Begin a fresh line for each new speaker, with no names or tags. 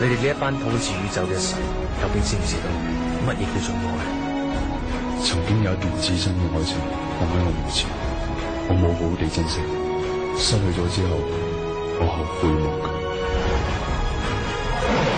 你哋呢一班統治宇宙嘅神，究竟知唔知道乜嘢叫做愛？
曾經有一段至真嘅愛情放喺我面前，我冇好好地珍惜，失去咗之後，我後悔莫及。